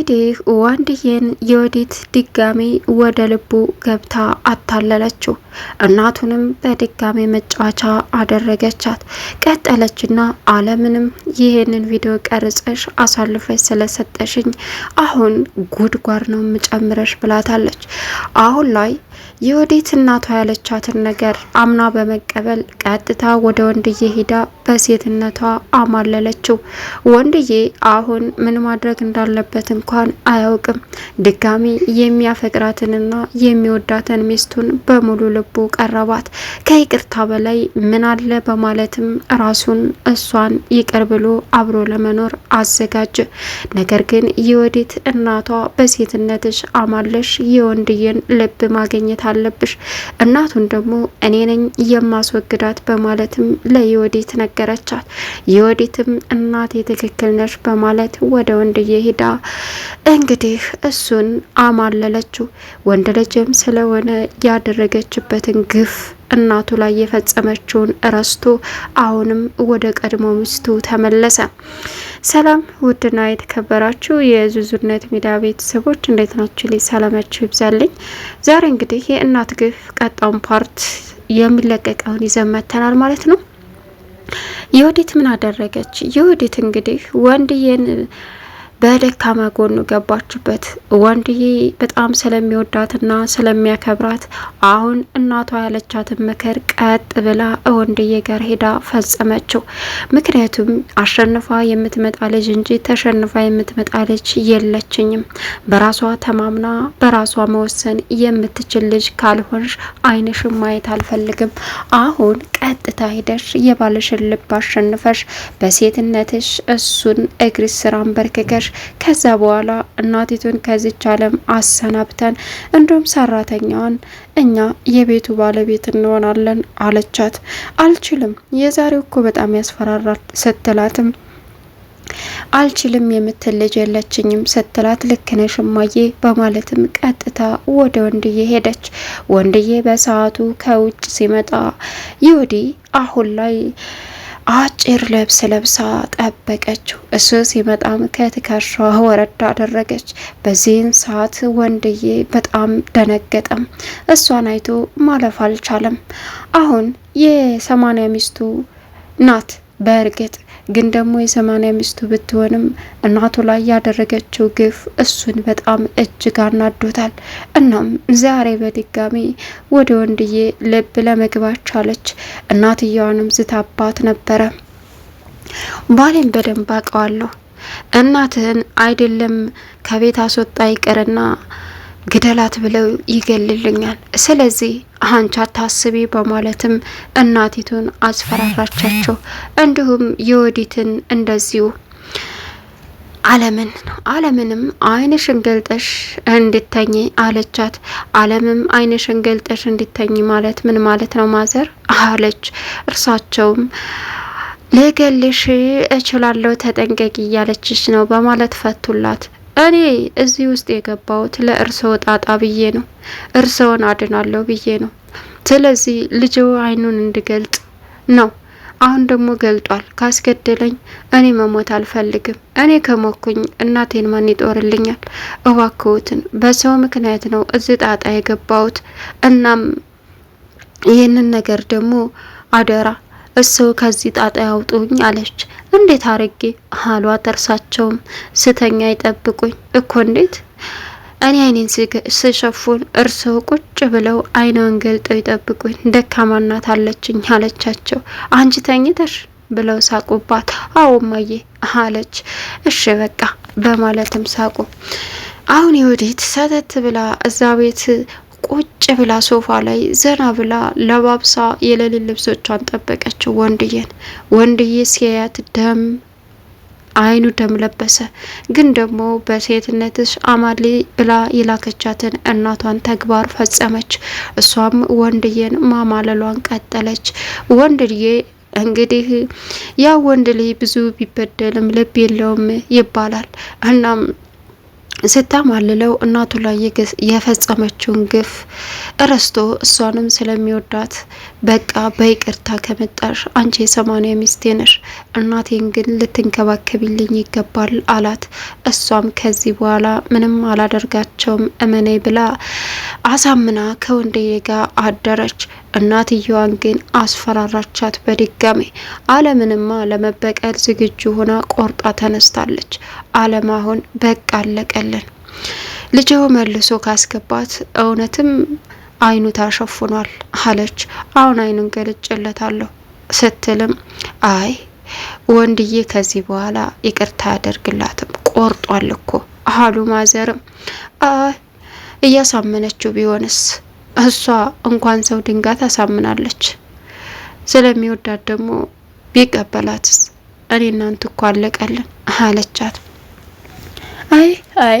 እንግዲህ ወንድዬን የወዲት ድጋሚ ወደ ልቡ ገብታ አታለለችው። እናቱንም በድጋሚ መጫወቻ አደረገቻት። ቀጠለችና አለምንም ይህንን ቪዲዮ ቀርጸሽ አሳልፈች ስለሰጠሽኝ አሁን ጉድጓድ ነው ምጨምረሽ ብላታለች። አሁን ላይ የወዲት እናቷ ያለቻትን ነገር አምና በመቀበል ቀጥታ ወደ ወንድዬ ሄዳ በሴትነቷ አማለለችው። ወንድዬ አሁን ምን ማድረግ እንዳለበት እንኳን አያውቅም። ድጋሚ የሚያፈቅራትንና የሚወዳትን ሚስቱን በሙሉ ልቡ ቀረባት። ከይቅርታ በላይ ምን አለ በማለትም ራሱን እሷን ይቅር ብሎ አብሮ ለመኖር አዘጋጀ። ነገር ግን የወዲት እናቷ በሴትነትሽ አማለሽ የወንድዬን ልብ ማግኘት አለብሽ፣ እናቱን ደግሞ እኔ ነኝ የማስወግዳት በማለትም ለየወዲት ነገ ነገረቻት። የወዲትም እናቴ ትክክል ነች በማለት ወደ ወንድዬ ሄዳ እንግዲህ እሱን አማለለችው። ወንድ ልጅም ስለሆነ ያደረገችበትን ግፍ እናቱ ላይ የፈጸመችውን ረስቶ አሁንም ወደ ቀድሞ ሚስቱ ተመለሰ። ሰላም ውድና የተከበራችሁ የዙዙነት ሚዲያ ቤተሰቦች እንዴት ናችሁ? ላይ ሰላማችሁ ይብዛልኝ። ዛሬ እንግዲህ የእናት ግፍ ቀጣውን ፓርት የሚለቀቀውን ይዘን መጥተናል ማለት ነው። ይሁዲት ምን አደረገች? ይሁዲት እንግዲህ ወንድዬን በደካማ ጎኑ ገባችበት። ወንድዬ በጣም ስለሚወዳትና ስለሚያከብራት አሁን እናቷ ያለቻትን ምክር ቀጥ ብላ ወንድዬ ጋር ሄዳ ፈጸመችው። ምክንያቱም አሸንፋ የምትመጣ ልጅ እንጂ ተሸንፋ የምትመጣ ልጅ የለችኝም። በራሷ ተማምና በራሷ መወሰን የምትችል ልጅ ካልሆንሽ ዓይንሽን ማየት አልፈልግም። አሁን ቀጥታ ሂደሽ የባልሽን ልብ አሸንፈሽ በሴትነትሽ እሱን እግር ስራን አንበርክከሽ ከዛ በኋላ እናቲቱን ከዚች ዓለም አሰናብተን እንዲሁም ሰራተኛዋን እኛ የቤቱ ባለቤት እንሆናለን አለቻት። አልችልም፣ የዛሬው እኮ በጣም ያስፈራራል ስትላትም አልችልም የምትል ልጅ የለችኝም ስትላት ልክ ነሽ እማዬ በማለትም ቀጥታ ወደ ወንድዬ ሄደች። ወንድዬ በሰዓቱ ከውጭ ሲመጣ ይወዲ አሁን ላይ አጭር ልብስ ለብሳ ጠበቀችው። እሱ ሲመጣም ከትከሻ ወረድ አደረገች። በዚህን ሰዓት ወንድዬ በጣም ደነገጠም። እሷን አይቶ ማለፍ አልቻለም። አሁን የሰማንያ ሚስቱ ናት በእርግጥ ግን ደግሞ የሰማኒያ ሚስቱ ብትሆንም እናቱ ላይ ያደረገችው ግፍ እሱን በጣም እጅግ አናዶታል። እናም ዛሬ በድጋሚ ወደ ወንድዬ ልብ ለመግባት ቻለች። እናትየዋንም ዝታባት ነበረ። ባሌን በደንብ አውቀዋለሁ። እናትህን አይደለም ከቤት አስወጣ ይቅርና ግደላት ብለው ይገልልኛል። ስለዚህ አንቺ አታስቢ በማለትም እናቲቱን አስፈራራቻቸው። እንዲሁም የወዲትን እንደዚሁ አለምን አለምንም አይንሽን ገልጠሽ እንድተኝ አለቻት። አለምም አይንሽን ገልጠሽ እንድተኝ ማለት ምን ማለት ነው ማዘር አለች። እርሳቸውም ልገልሽ እችላለሁ ተጠንቀቂ እያለችሽ ነው በማለት ፈቱላት። እኔ እዚህ ውስጥ የገባሁት ለእርስዎ ጣጣ ብዬ ነው፣ እርስዎን አድናለሁ ብዬ ነው። ስለዚህ ልጅ አይኑን እንድገልጥ ነው። አሁን ደግሞ ገልጧል። ካስገደለኝ እኔ መሞት አልፈልግም። እኔ ከሞኩኝ እናቴን ማን ይጦርልኛል? እባክዎትን፣ በሰው ምክንያት ነው እዚህ ጣጣ የገባሁት። እናም ይህንን ነገር ደግሞ አደራ እሰው ከዚህ ጣጣ ያውጡኝ አለች። እንዴት አረጌ አሏት። እርሳቸውም ስተኛ ይጠብቁኝ እኮ እንዴት እኔ አይኔን ስሸፉን እርስዎ ቁጭ ብለው አይነውን ገልጠው ይጠብቁኝ፣ ደካማ እናት አለችኝ አለቻቸው። አንቺ ተኝተሽ ብለው ሳቁባት። አዎ እማዬ አለች። እሺ በቃ በማለትም ሳቁ። አሁን ይሁዲት ሰተት ብላ እዛ ቤት ቁጭ ብላ ሶፋ ላይ ዘና ብላ ለባብሳ የሌሊት ልብሶቿን ጠበቀችው ወንድዬን። ወንድዬ ሲያያት ደም አይኑ ደም ለበሰ። ግን ደግሞ በሴትነትሽ አማሌ ብላ የላከቻትን እናቷን ተግባር ፈጸመች። እሷም ወንድዬን ማማለሏን ቀጠለች። ወንድዬ እንግዲህ ያ ወንድ ልጅ ብዙ ቢበደልም ልብ የለውም ይባላል። እናም ስታማልለው እናቱ ላይ የፈጸመችውን ግፍ እረስቶ እሷንም ስለሚወዳት በቃ በይቅርታ ከመጣሽ አንቺ የሰማኒያ ሚስቴ ነሽ እናቴን ግን ልትንከባከቢልኝ ይገባል አላት። እሷም ከዚህ በኋላ ምንም አላደርጋቸውም እመኔ ብላ አሳምና ከወንድዬ ጋር አደረች። እናትየዋን ግን አስፈራራቻት በድጋሜ። አለምንማ ለመበቀል ዝግጁ ሆና ቆርጣ ተነስታለች። አለም አሁን በቃ አለቀልን ልጅው መልሶ ካስገባት እውነትም አይኑ ታሸፍኗል አለች። አሁን አይኑን ገልጭለታለሁ ስትልም አይ ወንድዬ ከዚህ በኋላ ይቅርታ አያደርግላትም ቆርጧል እኮ አሉ ማዘርም እያሳመነችው ቢሆንስ እሷ እንኳን ሰው ድንጋይ ታሳምናለች። ስለሚወዳት ደግሞ ቢቀበላትስ እኔ እናንተ እኮ አለቀልን አለቻት። አይ አይ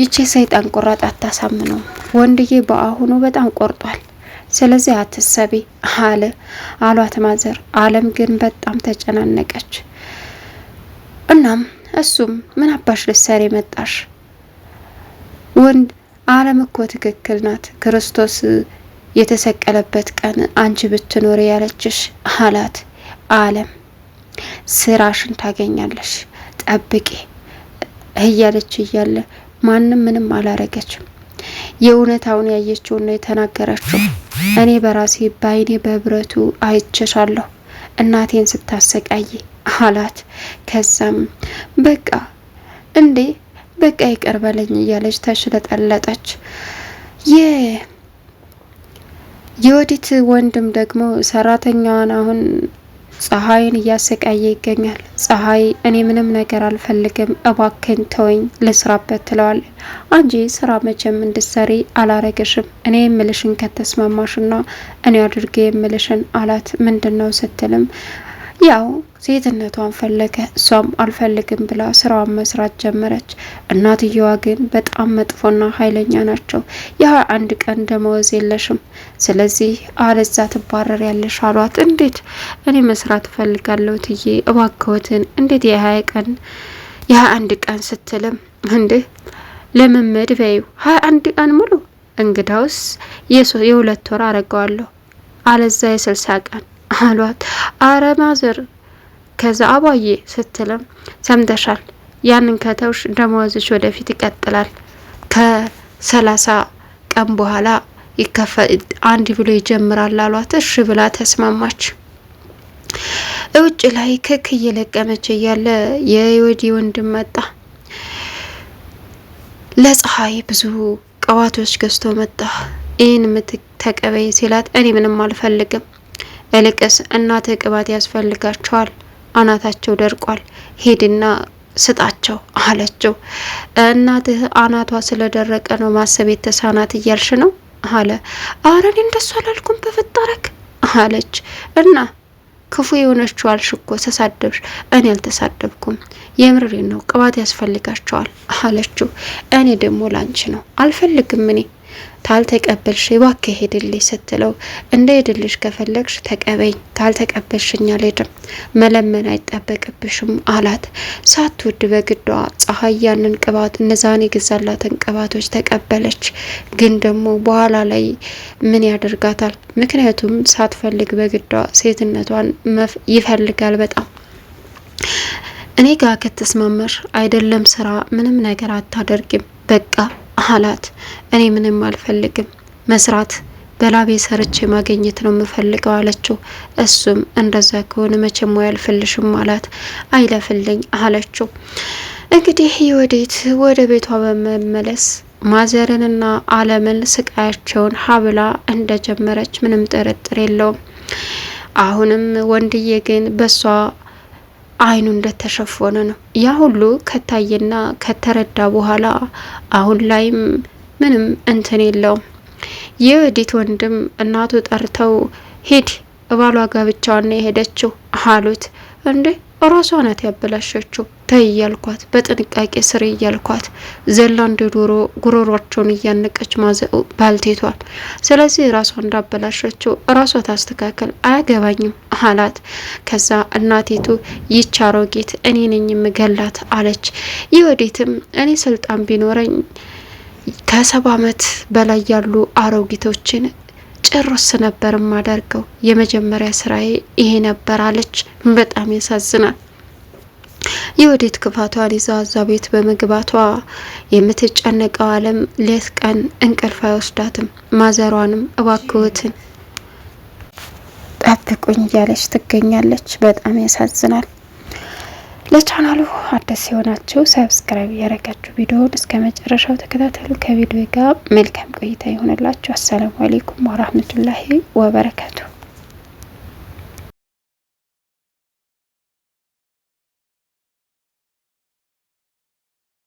ይቺ ሰይጣን ቆራጥ አታሳምነው ወንድዬ በአሁኑ በጣም ቆርጧል። ስለዚህ አትሰቢ አለ አሏት ማዘር። አለም ግን በጣም ተጨናነቀች። እናም እሱም ምን አባሽ ልትሰሪ መጣሽ? ወንድ አለም እኮ ትክክል ናት። ክርስቶስ የተሰቀለበት ቀን አንቺ ብትኖር ያለችሽ አላት። አለም ስራሽን ታገኛለሽ ጠብቂ እያለች እያለ ማንም ምንም አላረገችም። የእውነታውን ያየችውና የተናገረችው እኔ በራሴ በአይኔ በብረቱ አይቸሻለሁ እናቴን ስታሰቃይ አላት። ከዛም በቃ እንዴ በቃ ይቅር በለኝ እያለች ተሽለጠለጠች። የወዲት ወንድም ደግሞ ሰራተኛዋን አሁን ፀሐይን እያሰቃየ ይገኛል። ፀሐይ እኔ ምንም ነገር አልፈልግም፣ እባክን ተወኝ ልስራበት ትለዋል። አንጂ ስራ መቼም እንድሰሪ አላረገሽም፣ እኔ የምልሽን ከተስማማሽና እኔ አድርጌ የምልሽን አላት። ምንድን ነው ስትልም ያው ሴትነቷን ፈለገ። እሷም አልፈልግም ብላ ስራዋን መስራት ጀመረች። እናትየዋ ግን በጣም መጥፎና ኃይለኛ ናቸው። የሀያ አንድ ቀን ደመወዝ የለሽም፣ ስለዚህ አለዛ ትባረር ያለሽ አሏት። እንዴት እኔ መስራት እፈልጋለሁ ትዬ እባክዎትን፣ እንዴት የሀያ ቀን የሀያ አንድ ቀን ስትልም እንዴ ለመመድ በይው ሀያ አንድ ቀን ሙሉ እንግዳውስ የሁለት ወር አረገዋለሁ፣ አለዛ የስልሳ ቀን አሏት። አረ ማዘር ከዛ አባዬ ስትልም ሰምተሻል። ያንን ከተውሽ ደመወዝሽ ወደፊት ይቀጥላል። ከሰላሳ ቀን በኋላ ይከፈ አንድ ብሎ ይጀምራል አሏት። እሺ ብላ ተስማማች። እውጭ ላይ ክክ እየለቀመች እያለ የወዲ ወንድም መጣ። ለፀሐይ ብዙ ቀዋቶች ገዝቶ መጣ። ይህን የምትተቀበይ ሲላት እኔ ምንም አልፈልግም እልቅስ እናትህ ቅባት ያስፈልጋቸዋል፣ አናታቸው ደርቋል፣ ሂድና ስጣቸው አለችው። እናትህ አናቷ ስለደረቀ ነው ማሰብ የተሳናት እያልሽ ነው አለ። አረ እኔ እንደሱ አላልኩም በፈጠረክ አለች። እና ክፉ የሆነችው አልሽ እኮ ተሳደብሽ። እኔ አልተሳደብኩም፣ የምርሬ ነው ቅባት ያስፈልጋቸዋል አለችው። እኔ ደግሞ ላንቺ ነው አልፈልግም እኔ ታልተቀበልሽ እባክህ ሄድልኝ ስትለው እንደ ሄድልሽ ከፈለግሽ ተቀበኝ፣ ታልተቀበልሽኝ አልሄድም፣ መለመን አይጠበቅብሽም አላት። ሳትወድ በግዷ ፀሐይ ያንን ቅባት እነዛን የገዛላትን ቅባቶች ተቀበለች። ግን ደግሞ በኋላ ላይ ምን ያደርጋታል? ምክንያቱም ሳትፈልግ በግዷ ሴትነቷን ይፈልጋል በጣም እኔ ጋር ከተስማመር አይደለም ስራ ምንም ነገር አታደርግም በቃ አላት። እኔ ምንም አልፈልግም መስራት በላቤ ሰርቼ ማግኘት ነው የምፈልገው አለችው። እሱም እንደዛ ከሆነ መቼም አያልፍልሽም አላት። አይለፍልኝ አለችው። እንግዲህ ወዴት ወደ ቤቷ በመመለስ ማዘርንና አለምን ስቃያቸውን ሀብላ እንደጀመረች ምንም ጥርጥር የለውም። አሁንም ወንድዬ ግን በሷ አይኑ እንደተሸፈነ ነው። ያ ሁሉ ከታየና ከተረዳ በኋላ አሁን ላይም ምንም እንትን የለውም። የወዲት ወንድም እናቱ ጠርተው ሂድ እባሏ ጋር ብቻዋን ነው የሄደችው አሉት። እንዴ ራሷ ናት ያበላሸችው። ተይ እያልኳት በጥንቃቄ ስሪ እያልኳት ዘላ እንደ ዶሮ ጉሮሯቸውን እያነቀች ማዘው ባልቴቷል። ስለዚህ ራሷ እንዳበላሸችው ራሷ ታስተካከል፣ አያገባኝም አላት። ከዛ እናቲቱ ይች አሮጊት እኔ ነኝ ምገላት አለች። ይወዴትም እኔ ስልጣን ቢኖረኝ ከሰባ ዓመት በላይ ያሉ አሮጊቶችን ጭርስ ነበር የማደርገው። የመጀመሪያ ስራዬ ይሄ ነበር አለች። በጣም ያሳዝናል። የወዴት ክፋቷን ይዛ እዛ ቤት በመግባቷ የምትጨነቀው አለም ሌት ቀን እንቅልፍ አይወስዳትም። ማዘሯንም እባክዎትን ጠብቁኝ እያለች ትገኛለች። በጣም ያሳዝናል። ለቻናሉ አዲስ የሆናችሁ ሰብስክራይብ ያደረጋችሁ ቪዲዮውን እስከ መጨረሻው ተከታተሉ። ከቪዲዮ ጋር መልካም ቆይታ ይሆንላችሁ። አሰላሙ አሌይኩም ወራህመቱላሂ ወበረከቱ